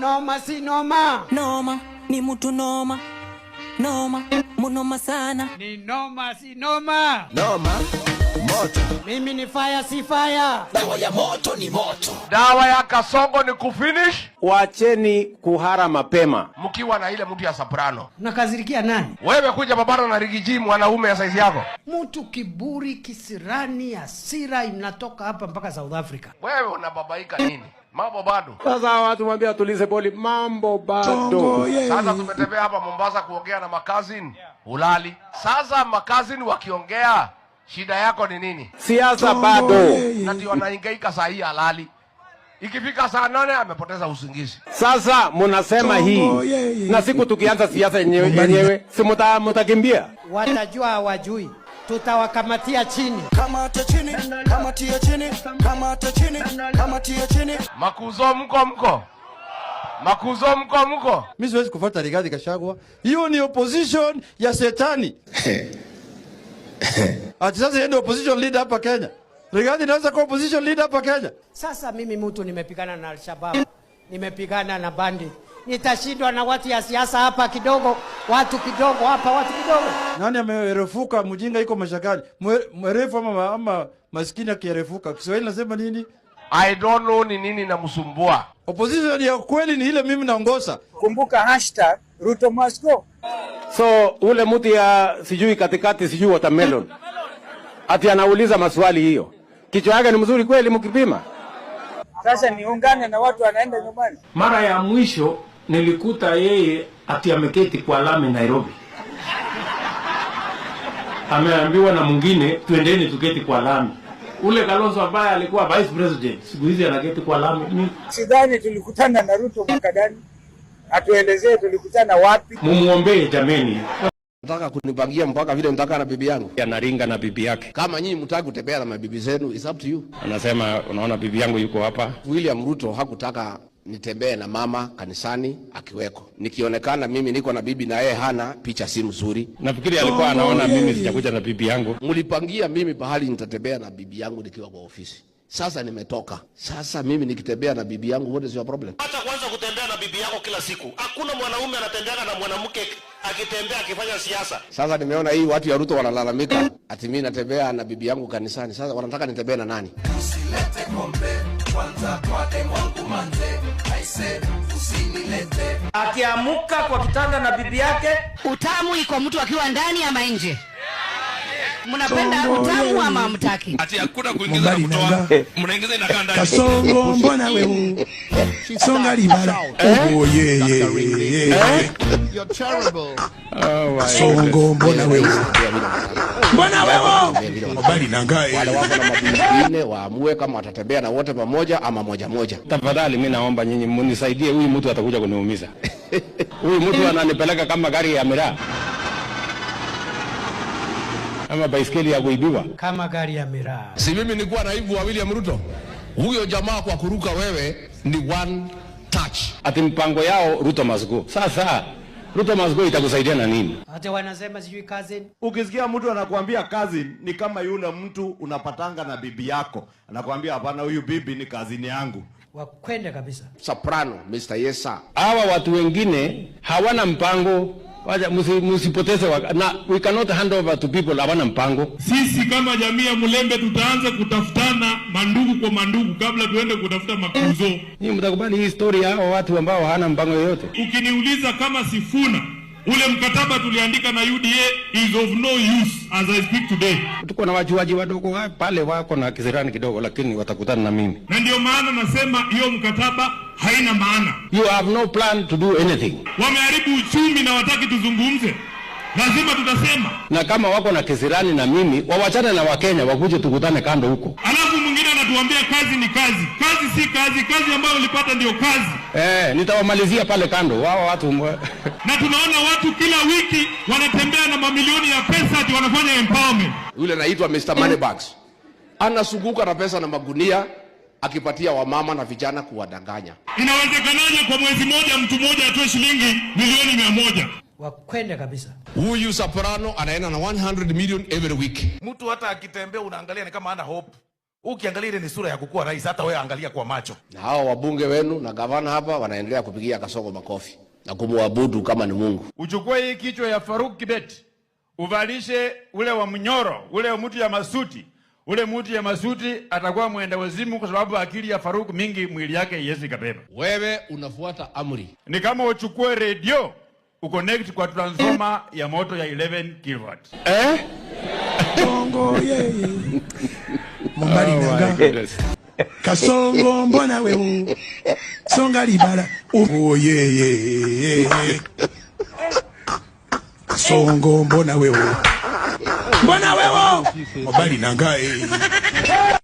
noma, si noma. Noma ni mtu noma, noma munoma sana, ni noma, si noma. Noma moto, mimi ni fire, si fire. Dawa ya moto ni moto, dawa ya kasongo ni kufinish. Wacheni kuhara mapema, mkiwa na ile mtu ya soprano. nakazirikia nani wewe? Kuja babara na rigijimu mwanaume ya saizi yako, mtu kiburi, kisirani, asira inatoka hapa mpaka South Africa. Wewe unababaika nini? Mambo bado. Sasa watu mwambie atulize boli, mambo bado. Sasa tumetembea hapa Mombasa kuongea na makazini ulali. Sasa makazin wakiongea, shida yako ni nini? Siasa bado. Nati wanaingaika saa hii halali. Ikifika saa nane amepoteza usingizi. Sasa munasema hii na siku tukianza siasa yenyewe, si mutakimbia? Watajua hawajui tutawakamatia chini. Kamata chini, kamatia chini, kamata chini, kamatia chini. Makuzo mko mko. Makuzo mko mko. Mimi siwezi kufuata Rigathi Gachagua. Hiyo ni opposition ya setani. Ati sasa yeye ndio opposition leader hapa Kenya. Rigathi naweza kuwa opposition leader hapa Kenya. Sasa mimi mtu nimepigana na Al-Shabaab. Nimepigana na bandi nitashindwa na watu ya siasa hapa kidogo, watu kidogo hapa, watu kidogo. Nani amerefuka? Mjinga iko mashakani, mwerefu ama, ama maskini akierefuka. Kiswahili nasema nini? I don't know ni nini namsumbua. Opposition ya kweli ni ile mimi naongoza. Kumbuka hashtag Ruto must go. So ule mti ya sijui katikati sijui watermelon. Ati anauliza maswali hiyo. Kichwa yake ni mzuri kweli mkipima? Sasa niungane na watu wanaenda nyumbani. Mara ya mwisho nilikuta yeye ati ameketi kwa lami Nairobi, ameambiwa na mwingine twendeni tuketi kwa lami. Ule Kalonzo ambaye alikuwa vice president siku hizi anaketi kwa lami. Sidhani tulikutana na Ruto mwaka gani, atuelezee tulikutana wapi. Mumuombee jameni. Nataka kunipangia mpaka vile nataka na bibi yangu. Anaringa na bibi yake. Kama nyinyi mtaki kutembea na mabibi zenu, it's up to you. Anasema unaona bibi yangu yuko hapa. William Ruto hakutaka nitembee na mama kanisani akiweko, nikionekana mimi niko na bibi na yeye hana, picha si mzuri. Nafikiri alikuwa oh, anaona yeah, mimi sijakuja na bibi yangu. Mlipangia mimi pahali nitatembea na bibi yangu nikiwa kwa ofisi. Sasa nimetoka. Sasa mimi nikitembea na bibi yangu, what is your problem? Hata kwanza kutembea na bibi yako kila siku, hakuna mwanaume anatembeana na mwanamke akitembea akifanya siasa. Sasa nimeona hii watu ya Ruto wanalalamika ati mimi natembea na bibi yangu kanisani. Sasa wanataka nitembee na nani? Usilete kombe kwanza kwa twate wangu manze aise usinilete. Akiamuka kwa kitanda na bibi yake, utamu iko mtu akiwa ndani ama nje? Mnapenda utamu ama mtaki? Ati hakuna kuingiza na kutoa. Mnaingiza inakaa ndani. Kasongo mbona wewe? Songa libara. Eh? Oh yeah yeah yeah. Oh, You're terrible. Oh my. Kasongo mbona wewe? Mbona wewe habari na wengine waamue kama watatembea na wote pamoja ama moja moja. Tafadhali mimi naomba nyinyi mnisaidie, huyu mtu atakuja kuniumiza. Huyu mtu ananipeleka kama gari ya miraa ama baiskeli ya kuibiwa kama gari ya miraa. Si mimi nilikuwa naibu wa William Ruto, huyo jamaa kwa kuruka wewe ni one touch, ati mpango yao Ruto must Sasa Ruto must go itakusaidia na nini? Hata wanasema sijui cousin. Ukisikia mtu anakuambia cousin ni kama yule mtu unapatanga na bibi yako. Anakuambia hapana, huyu bibi ni cousin yangu. Wakwenda kabisa. Soprano, Mr. Yesa. Hawa watu wengine hawana mpango Wacha msipoteze waka. Na we cannot hand over to people hawana mpango. Sisi kama jamii ya Mulembe tutaanza kutafutana mandugu kwa mandugu kabla tuende kutafuta makuzo. ni mtakubali hii story ya watu ambao hawana mpango yoyote. Ukiniuliza kama Sifuna Ule mkataba tuliandika na UDA is of no use as I speak today. Tuko na wajuaji wadogo hapa pale wako na kisirani kidogo, lakini watakutana na mimi, na ndio maana nasema hiyo mkataba haina maana. You have no plan to do anything. Wameharibu uchumi na wataki tuzungumze lazima tutasema, na kama wako na kisirani na mimi wawachane na Wakenya wakuje tukutane kando huko. Alafu mwingine anatuambia kazi ni kazi, kazi si kazi, kazi ambayo ulipata ndio kazi. Eh, nitawamalizia pale kando wao watu na tunaona watu kila wiki wanatembea na mamilioni ya pesa ati wanafanya empowerment. Yule anaitwa Mr. Moneybags anasuguka na pesa na magunia akipatia wamama na vijana kuwadanganya. Inawezekanaje kwa mwezi mmoja mtu mmoja atoe shilingi milioni mia moja? wakwende kabisa. Huyu Soprano anaenda na 100 million every week. Mtu hata akitembea unaangalia ni kama ana hope. Ukiangalia ile ni sura ya kukua rais, hata wewe angalia kwa macho. Na hao wabunge wenu na gavana hapa wanaendelea kupigia kasogo makofi na kumwabudu kama ni Mungu. Uchukue hii kichwa ya Faruk Kibet, uvalishe ule wa mnyoro, ule mtu ya masuti, ule mtu ya masuti atakuwa mwenda wazimu, kwa sababu akili ya Faruk mingi mwili yake Yesu kabeba. Wewe unafuata amri, ni kama uchukue redio kuconnect kwa transformer ya moto ya 11 kW. Eh? Bongo yeye. Mumbali oh nanga. Kasongo mbona wewe? Songa libala. Oh yeye. Kasongo mbona wewe? Mbona wewe? Mumbali nanga. Eh.